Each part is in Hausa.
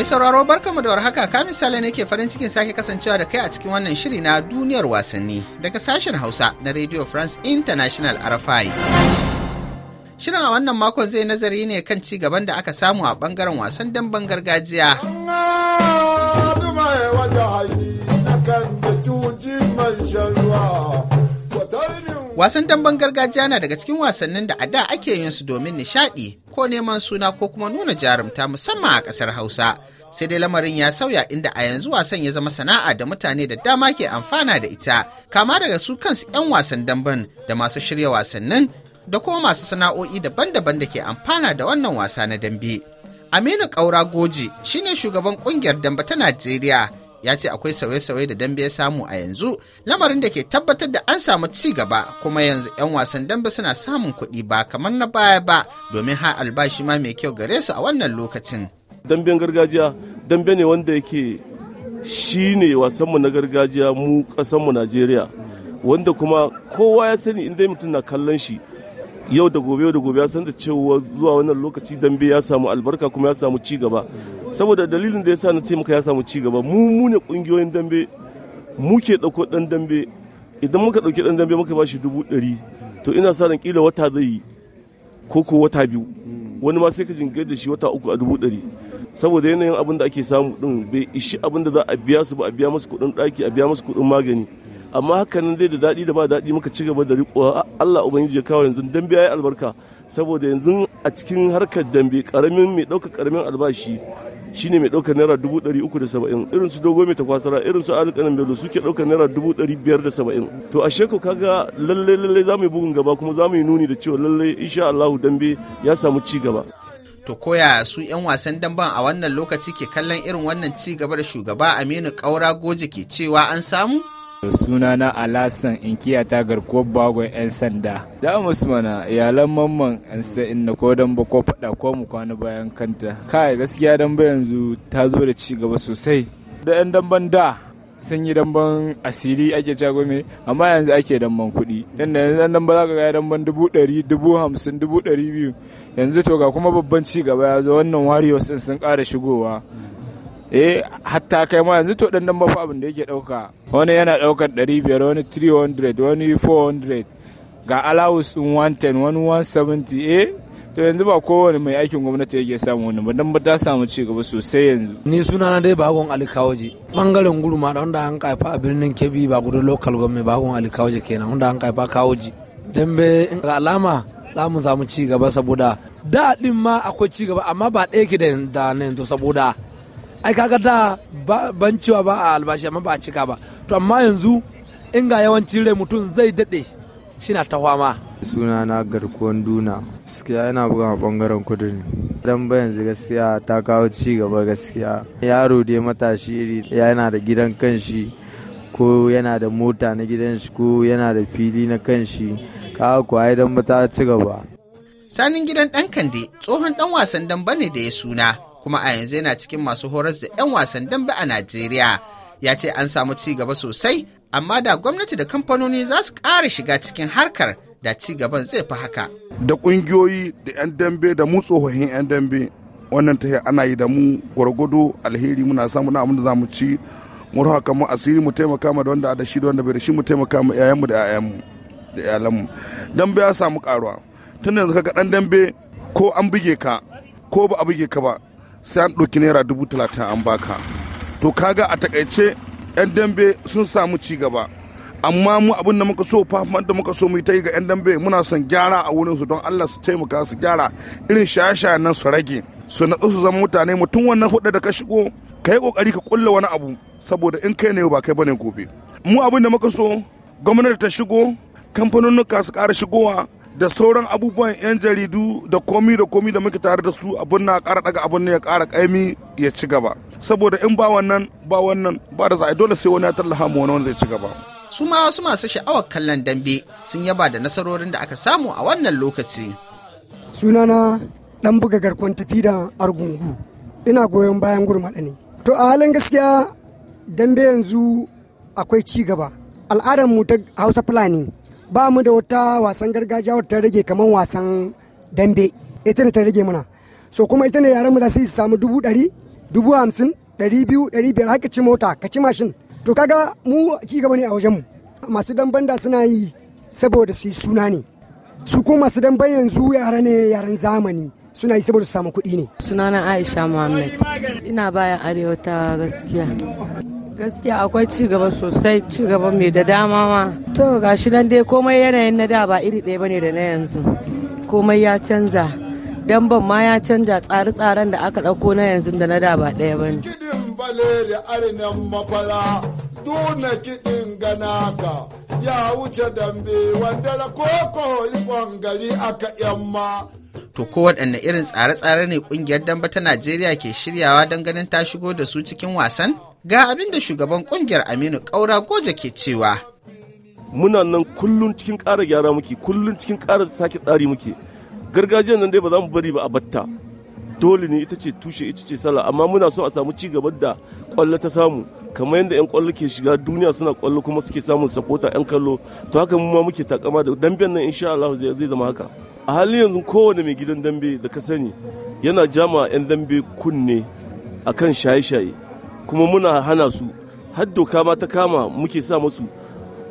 Mai sauraro barkamu da warhaka ka misali ne ke farin cikin sake kasancewa da kai a cikin wannan shiri na duniyar wasanni daga sashen Hausa na Radio France International RFI. Shirin a wannan makon zai nazari ne kan ci gaban da aka samu a bangaren wasan damben gargajiya. Wasan damben gargajiya na daga cikin wasannin da a da ake yin su domin nishaɗi ko neman suna ko kuma nuna jarumta musamman a ƙasar Hausa. sai dai lamarin ya sauya inda a yanzu wasan ya zama sana'a da mutane da dama ke amfana da ita kama daga su kansu 'yan wasan damben da masu shirya wasannin da kuma masu sana'o'i daban-daban da ke amfana da wannan wasa na dambe aminu kaura goji shine shugaban kungiyar dambe ta najeriya ya ce akwai sauye-sauye da dambe ya samu a yanzu lamarin da ke tabbatar da an samu ci gaba kuma yanzu 'yan wasan dambe suna samun kuɗi ba kamar na baya ba domin har albashi ma mai kyau gare su a wannan lokacin damben gargajiya dambe ne wanda yake shi ne wasanmu na gargajiya mu kasanmu najeriya wanda kuma kowa ya sani inda mutum na kallon shi yau da gobe yau da gobe ya san da cewa zuwa wannan lokaci dambe ya samu albarka kuma ya samu ci gaba saboda dalilin da ya sa na ce maka ya samu ci gaba mu mu ne kungiyoyin dambe ke dauko dan dambe idan muka dauki dan dambe muka bashi dubu ɗari to ina sa ran kila wata zai yi ko ko wata biyu wani ma sai ka jingar da shi wata uku a dubu ɗari saboda yanayin abin da ake samu din bai ishi abin da za a biya su ba a biya musu kudin daki a biya musu kuɗin magani amma hakanan dai da daɗi da ba daɗi muka ci gaba da riƙo Allah ubangiji ya kawo yanzu dambe yayi albarka saboda yanzu a cikin harkar dambe karamin mai ɗauka karamin albashi shine mai ɗaukar naira dubu uku da saba'in irin su dogo mai takwasara irin su alƙanin bello suke ɗaukar naira dubu biyar da saba'in to ashe ko kaga lalle lalle za mu yi bugun gaba kuma zamu mu yi nuni da cewa lalle insha Allah dambe ya samu ci gaba. to koya su 'yan wasan damben a wannan lokaci ke kallon irin wannan ci gaba da shugaba aminu kaura goje ke cewa an samu suna na alasan inkiya ta garkuwar bagon 'yan sanda da musu mana iyalan mamman 'yan sa'in na kodon ba ko faɗa ko mu kwana bayan kanta kai gaskiya damba yanzu ta zo da ci gaba sosai da 'yan damban da sun yi damban asiri ake jagome amma yanzu ake damban kuɗi dan yanzu an damban za ka gaya damban dubu ɗari dubu hamsin dubu ɗari biyu yanzu to ga kuma babban ci gaba ya zo wannan warriors sun sun ƙara shigowa eh hatta kai ma yanzu to dan damba fa abin da yake ɗauka wani yana ɗaukar ɗari biyar wani 300 wani 400 ga allowance din 110 wani 170 eh to yanzu ba kowane mai aikin gwamnati yake samu wani ba dan ba ta samu ci gaba sosai yanzu ni suna na dai bagon alkawaji bangaren guruma da wanda an kaifa a birnin kebbi ba gudun local gwamnati bagon alkawaji kenan wanda an kaifa kawoji in ga alama za mu samu ci gaba saboda da ma akwai ci gaba amma ba ɗaya ke da na yanzu saboda ai kaga da ban cewa ba a albashi amma ba a cika ba to amma yanzu in ga yawancin rai mutum zai daɗe shi na ta fama suna na garkuwan duna gaskiya yana buga a bangaren kudu ne dan yanzu gaskiya ta kawo ci gaba gaskiya yaro dai matashi iri yana da gidan kanshi ko yana da mota na gidan shi ko yana da fili na kanshi kawo ku idan ba ci gaba sanin gidan dan kande tsohon dan wasan damba ne da ya suna kuma a yanzu yana cikin masu horar da 'yan wasan damba a najeriya ya ce an samu ci gaba sosai amma da gwamnati da kamfanoni za su ƙara shiga cikin harkar da ci gaban zai fi haka da kungiyoyi da 'yan dambe da mu tsohon 'yan dambe wannan ta ana yi da mu gwargwado alheri muna samu na da za mu ci mu haka mu asiri mu taimaka ma da wanda da shi da wanda bai da shi mu taimaka ma iyayenmu da iyayenmu da iyalanmu dambe ya samu karuwa tun yanzu kaga dan dambe ko an buge ka ko ba a buge ka ba sai an ɗauki naira dubu talatin an baka to kaga a takaice yan dambe sun samu ci gaba amma mu abin da muka so fafan da muka so mu ta yi ga 'yan dambe muna son gyara a wurin su don Allah su taimaka su gyara irin shaye-shayen nan su rage su natsu su zama mutane mutum wannan hudu da ka shigo ka yi kokari ka kulla wani abu saboda in kai ne ba kai bane gobe mu abin da muka so gwamnati ta shigo kamfanonuka su ƙara shigowa da sauran abubuwan 'yan jaridu da komi da komi da muke tare da su abun na kara daga abun ne ya kara kaimi ya ci gaba saboda in ba wannan ba wannan ba da za'a dole sai wani ya tallafa mu wani wanda zai ci gaba su ma wasu masu sha'awar kallon dambe sun yaba da nasarorin da aka samu a wannan lokaci. sunana dan buga garkon tafi da argungu ina goyon bayan gurmaɗa ne to a halin gaskiya dambe yanzu akwai ci gaba al'adar mu ta hausa fulani ba mu da wata wasan gargajiya wata rage kamar wasan dambe ita ne ta rage mana so kuma ita ne yaran mu za su samu dubu ɗari dubu hamsin ɗari biyu ɗari biyar haka ci mota ka ci mashin to kaga mu ci gaba ne a wajen mu masu dan da suna yi saboda su yi suna ne su ko masu damban yanzu yara ne yaran zamani suna yi saboda su samu kuɗi ne sunana aisha muhammad ina bayan arewa ta gaskiya gaskiya akwai ci gaba sosai ci gaba mai da dama ma to gashi nan dai komai yanayin na da ba iri ɗaya bane da na yanzu komai ya canza damben ma ya canja tsare-tsaren da aka ɗauko na yanzu da na da ba ɗaya ba ne. Kiɗin baleri arinan mafara duna kiɗin ganaka ya wuce dambe wanda da koko yi gari aka yamma. To ko waɗanne irin tsare-tsare ne ƙungiyar damba ta Najeriya ke shiryawa don ganin ta shigo da su cikin wasan? Ga abin da shugaban ƙungiyar Aminu Ƙaura Goja ke cewa. Muna nan kullum cikin ƙara gyara muke, kullum cikin ƙara sake tsari muke. gargajiyar nan dai ba za mu bari ba a batta dole ne ita ce tushe ita ce sallah amma muna so a samu ci gaban da kwallo ta samu kamar yadda yan kwallo ke shiga duniya suna kwallo kuma suke samun sapota yan kallo to haka mu ma muke takama da damben nan insha Allah zai zama haka a halin yanzu kowane mai gidan dambe da ka sani yana jama yan dambe kunne akan shaye-shaye kuma muna hana su har doka ma ta kama muke sa musu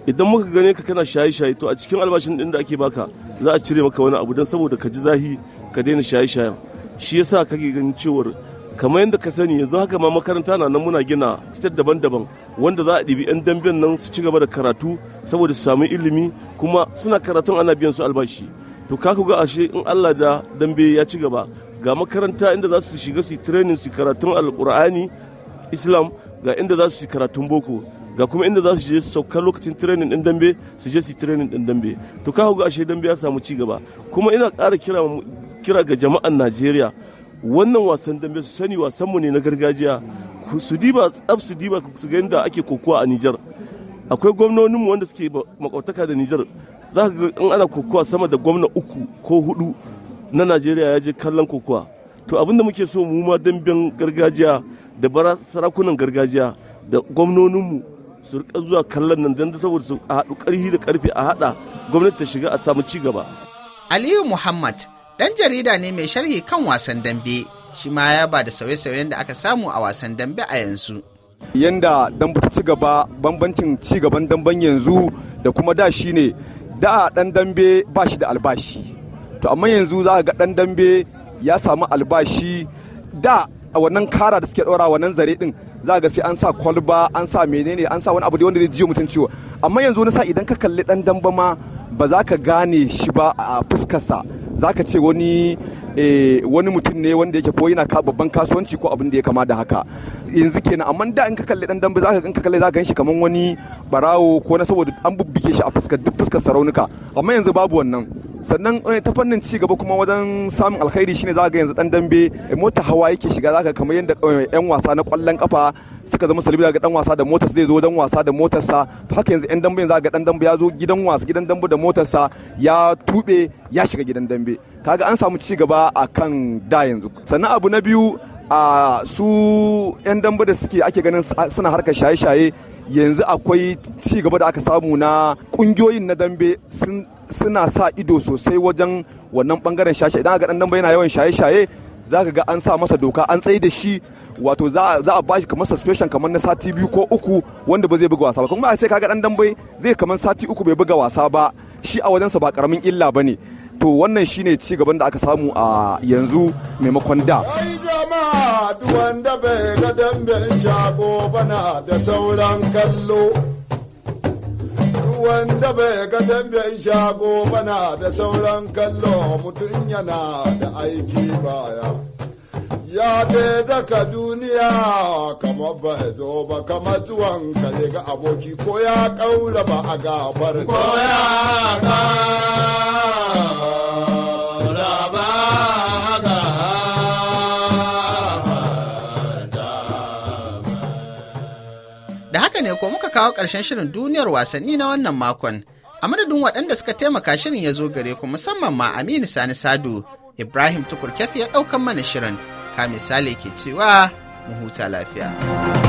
idan muka gane ka kana shaye-shaye to a cikin albashin din da ake baka za a cire maka wani abu don saboda ka ji zahi ka daina shaye-shayen shi yasa kake ganin cewar kamar yadda ka sani yanzu haka ma makaranta na nan muna gina state daban-daban wanda za a ɗibi 'yan damben nan su ci gaba da karatu saboda su samu ilimi kuma suna karatun ana biyan su albashi to ka ga ashe in allah da dambe ya ci gaba ga makaranta inda za su shiga su yi training su karatun alkur'ani islam ga inda za su yi karatun boko ga kuma inda za su je su sauka lokacin training din dambe su je su training din dambe to ka ga ashe dambe ya samu ci gaba kuma ina kara kira kira ga jama'an Najeriya wannan wasan dambe su sani wasanmu ne na gargajiya su diba tsaf su diba su ga inda ake kokowa a Nijar akwai gwamnoninmu wanda suke makwataka da Nijar za ka ga in ana kokowa sama da gwamna uku ko hudu na Najeriya ya je kallon kokowa to abinda muke so mu ma damben gargajiya da sarakunan gargajiya da gwamnoninmu su rika zuwa kallon nan don saboda su haɗu ƙarfi da ƙarfi a haɗa gwamnati ta shiga a samu ci gaba. Aliyu Muhammad ɗan jarida ne mai sharhi kan wasan dambe shi ma ya ba da sauye-sauyen da aka samu a wasan dambe a yanzu. Yanda dambe ta ci gaba bambancin ci gaban damben yanzu da kuma da shi ne da ɗan dambe ba shi da albashi. To amma yanzu za ga ɗan dambe ya samu albashi da a wannan kara da suke ɗora wannan zare din za ga sai an sa kwalba an sa menene an sa wani abu da wanda zai jiyo mutum ciwo amma yanzu wani sa idan ka kalli dan damba ma ba za ka gane shi ba a fuskarsa za ka ce wani eh, wani mutum ne wanda yake ko yana babban kasuwanci ko abin da ya kama da haka yanzu kenan amma da in ka kalli dan damba za ka in ka kalli za ka ganshi kaman wani barawo ko na saboda an bubbuke shi a fuskar duk fuskar saraunuka amma yanzu babu wannan sannan eh, ta fannin ci gaba kuma wajen samun alkhairi shine za ga yanzu dan dambe eh, mota hawa yake shiga zaka kamar yadda yan eh, wasa na kwallon kafa suka zama salibi daga dan wasa da motar zai zo dan wasa da motar sa to haka yanzu yan dambe za ga dan dambe ya zo gidan wasa gidan dambe da motar sa ya tube ya shiga gidan dambe kaga an samu ci gaba akan da yanzu sannan abu na biyu a su yan dambe da suke ake ganin suna harka shaye-shaye yanzu akwai ci gaba da aka samu na kungiyoyin na dambe sun suna sa ido sosai wajen wannan bangaren shashe idan ga dan bai yana yawan shaye-shaye za ka ga an sa masa doka an tsaye da shi wato za a bashi kamar suspension kamar na sati biyu ko uku wanda ba zai buga wasa ba kuma a ce kaga dan dambe zai kamar sati uku bai buga wasa ba shi a wajensa ba karamin illa ba ne to wannan shine ci gaban da aka samu a yanzu maimakon da wai jama'a bai ga damben shago bana da sauran kallo wanda bai ga damben shago bana da sauran kallo mutum yana da aiki baya ya ta zaka duniya kama ba zo ba kama zuwan ka ga aboki ko ya ƙaura ba a gabar ko ya haka ne ko muka kawo ƙarshen shirin duniyar wasanni na wannan makon. A madadin waɗanda suka taimaka shirin ya zo gare ku musamman ma Aminu Sani Sadu, Ibrahim Tukur ya ɗaukan mana shirin. Ka misali ke cewa mu huta lafiya.